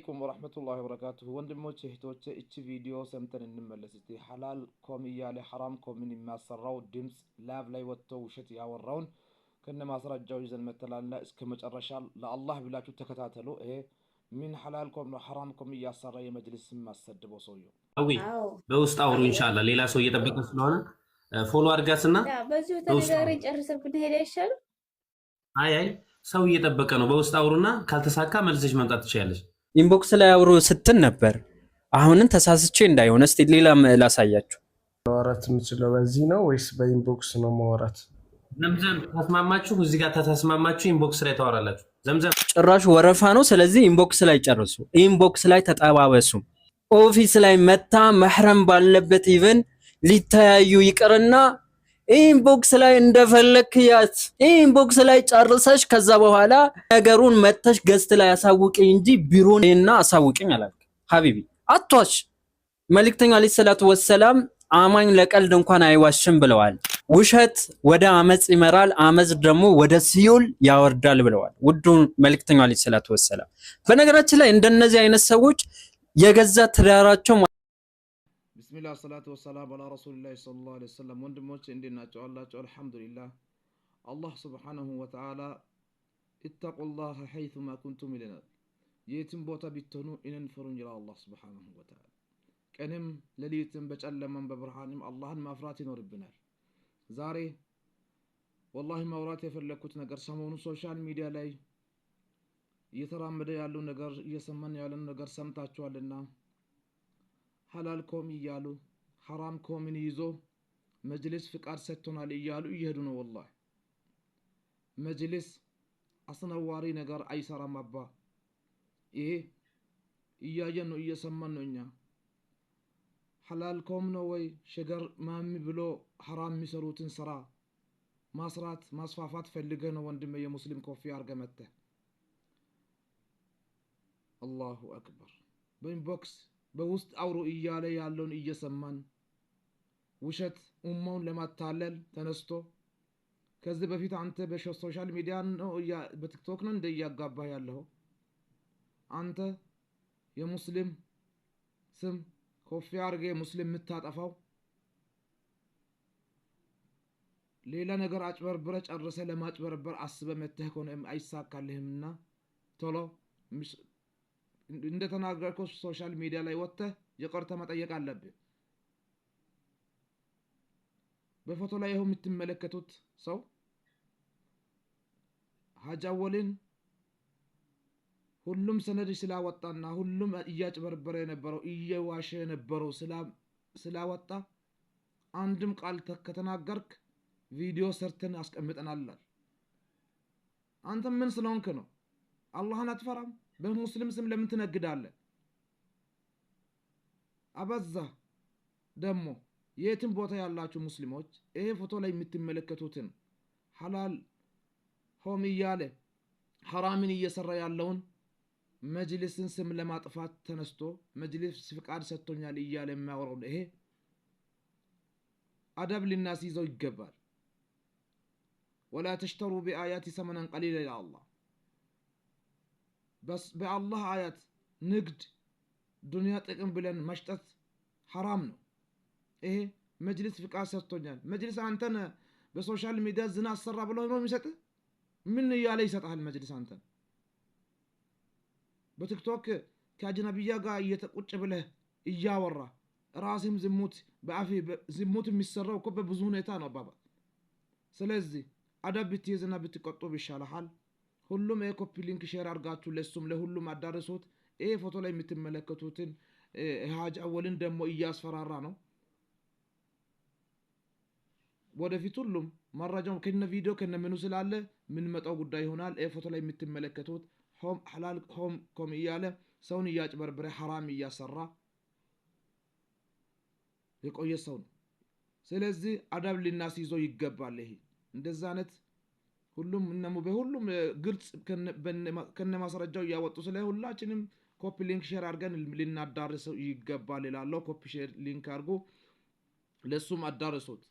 አሰላሙአለይኩም ወራህመቱላሂ ወበረካቱሁ ወንድሞች እህቶቼ፣ እቺ ቪዲዮ ሰምተን እንመለስ እስቲ። ሐላል ኮም እያለ ሐራም ኮምን የሚያሰራው ድምፅ ላብ ላይ ወጥቶ ውሸት ያወራውን ከነ ማስረጃው ይዘን መተላልና እስከ መጨረሻ ለአላህ ብላችሁ ተከታተሉ። ይሄ ምን ሐላል ኮም ነው ሐራም ኮም እያሰራ የመጅልስ ማሰድበው ሰውየው አዊ በውስጥ አውሩ ኢንሻአላህ። ሌላ ሰው እየጠበቀ ስለሆነ ፎሎ አድርጋትና በዚሁ ተደጋሪ ጨርሰብን ሄደ ይሻል። አይ አይ ሰው እየጠበቀ ነው። በውስጥ አውሩና ካልተሳካ መልሰሽ መምጣት ትችያለሽ። ኢንቦክስ ላይ አብሮ ስትን ነበር። አሁንም ተሳስቼ እንዳይሆነ እስኪ ሌላ ላሳያችሁ። ማውራት የምችለው በዚህ ነው ወይስ በኢንቦክስ ነው ማውራት? ዘምዘም ተስማማችሁ? እዚህ ጋር ተስማማችሁ? ኢንቦክስ ላይ ታወራላችሁ። ዘምዘም ጭራሹ ወረፋ ነው። ስለዚህ ኢንቦክስ ላይ ጨርሱ። ኢንቦክስ ላይ ተጠባበሱ። ኦፊስ ላይ መታ መሕረም ባለበት ኢቨን ሊተያዩ ይቅርና ኢንቦክስ ላይ እንደፈለክ ያዝ፣ ኢንቦክስ ላይ ጨርሰሽ፣ ከዛ በኋላ ነገሩን መተሽ ገዝት ላይ አሳውቅኝ እንጂ ቢሮን እና አሳውቅኝ አላልክ ሀቢቢ። አቷሽ መልእክተኛው አለይሂ ሰላቱ ወሰላም አማኝ ለቀልድ እንኳን አይዋሽም ብለዋል። ውሸት ወደ አመፅ ይመራል፣ አመፅ ደግሞ ወደ ሲኦል ያወርዳል ብለዋል ውዱ መልእክተኛው አለይሂ ሰላቱ ወሰላም። በነገራችን ላይ እንደነዚህ አይነት ሰዎች የገዛ ትዳራቸው ብስሚላ ሰላት ወሰላም አላ ረሱልላ ስለ ላ ወንድሞች እንዴት ናቸው አላቸው አልሐምዱሊላህ አላህ ስብሓናሁ ወተዓላ ኢተቁላህ ሐይቱማ ኩንቱም ይለናል የትም ቦታ ቢተኑ እንን ፍሩኝ ይላል አላህ ስብሓናሁ ወተዓላ ቀንም ለሊትም በጨለማም በብርሃንም አላህን ማፍራት ይኖርብናል ዛሬ ወላሂ ማውራት የፈለግኩት ነገር ሰሞኑ ሶሻል ሚዲያ ላይ እየተራመደ ያለው ነገር እየሰማን ያለን ነገር ሰምታችኋልና ሀላል ኮም እያሉ ሐራም ኮምን ይዞ መጅልስ ፍቃድ ሰጥቶናል እያሉ እየሄዱ ነው። ወላሂ መጅልስ አስነዋሪ ነገር አይሰራም። አባ ይሄ እያየን ነው፣ እየሰማን ነው። እኛ ሐላል ኮም ነው ወይ ሸገር ማሚ ብሎ ሐራም የሚሰሩትን ስራ ማስራት ማስፋፋት ፈልገ ነው ወንድሜ። የሙስሊም ኮፊ አርገ መጥተህ አላሁ አክበር በኢንቦክስ በውስጥ አውሩ እያለ ያለውን እየሰማን ውሸት ኡማውን ለማታለል ተነስቶ ከዚህ በፊት አንተ በሶሻል ሚዲያ ነው በቲክቶክ ነው እንደ እያጋባህ አንተ የሙስሊም ስም ኮፊ አድርገ ሙስሊም የምታጠፋው ሌላ ነገር አጭበርብረ ጨርሰ ለማጭበርበር አስበ መተህ ከሆነ አይሳካልህምና ቶሎ እንደተናገርከው ሶሻል ሚዲያ ላይ ወጥተህ ይቅርታ መጠየቅ አለብህ። በፎቶ ላይ ይኸው የምትመለከቱት ሰው ሀጃወልን ሁሉም ሰነድ ስላወጣና ሁሉም እያጭበረበረ የነበረው እየዋሸ የነበረው ስላወጣ አንድም ቃል ከተናገርክ ቪዲዮ ሰርተን አስቀምጠናላል። አንተ ምን ስለሆንክ ነው? አላህን አትፈራም? በሙስሊም ስም ለምን ትነግዳለህ? አበዛ ደግሞ የትም ቦታ ያላችሁ ሙስሊሞች ይሄ ፎቶ ላይ የምትመለከቱትን ሐላል ሆም እያለ ሐራምን እየሰራ ያለውን መጅልስን ስም ለማጥፋት ተነስቶ መጅልስ ፍቃድ ሰጥቶኛል እያለ የሚያወራው ይሄ አደብ ልናስይዘው ይገባል። ወላ ተሽተሩ ቢአያቲ ሰመናን ቀሊላ ይላል አላህ በአላህ አያት ንግድ ዱንያ ጥቅም ብለን መሽጠት ሐራም ነው። ይሄ መጅልስ ፍቃድ ሰጥቶኛል። መጅልስ አንተን በሶሻል ሚዲያ ዝና አሰራ ብለው ነው የሚሰጥ ምን እያለ ይሰጣል መጅልስ አንተን በቲክቶክ ከአጅነቢያ ጋር እየተቁጭ ብለህ እያወራ ራስህም ዝሙት በአፌ ዝሙት የሚሰራው እኮ በብዙ ሁኔታ ነው አባባ። ስለዚህ አደብ ብትይዝና ብትቆጥብ ይሻልሃል። ሁሉም የኮፒ ሊንክ ሼር አድርጋችሁ ለሱም ለሁሉም አዳርሶት ይህ ፎቶ ላይ የምትመለከቱትን ሀጅ አወልን ደግሞ እያስፈራራ ነው። ወደፊት ሁሉም መረጃው ከነ ቪዲዮ ከነ ምኑ ስላለ የምንመጣው ጉዳይ ይሆናል። ይህ ፎቶ ላይ የምትመለከቱት ሆም ሐላል ሆም ኮም እያለ ሰውን እያጭበርብረ ሐራም እያሰራ የቆየ ሰው ነው። ስለዚህ አዳብ ልናስይዘው ይገባል። ይሄ እንደዛ አይነት ሁሉም እነሙ በሁሉም ግልጽ ከነ ማስረጃው እያወጡ ስለ ሁላችንም ኮፒ ሊንክ ሼር አድርገን ልናዳርሰው ይገባል ይላለው። ኮፒ ሼር ሊንክ አድርጎ ለእሱም አዳርሶት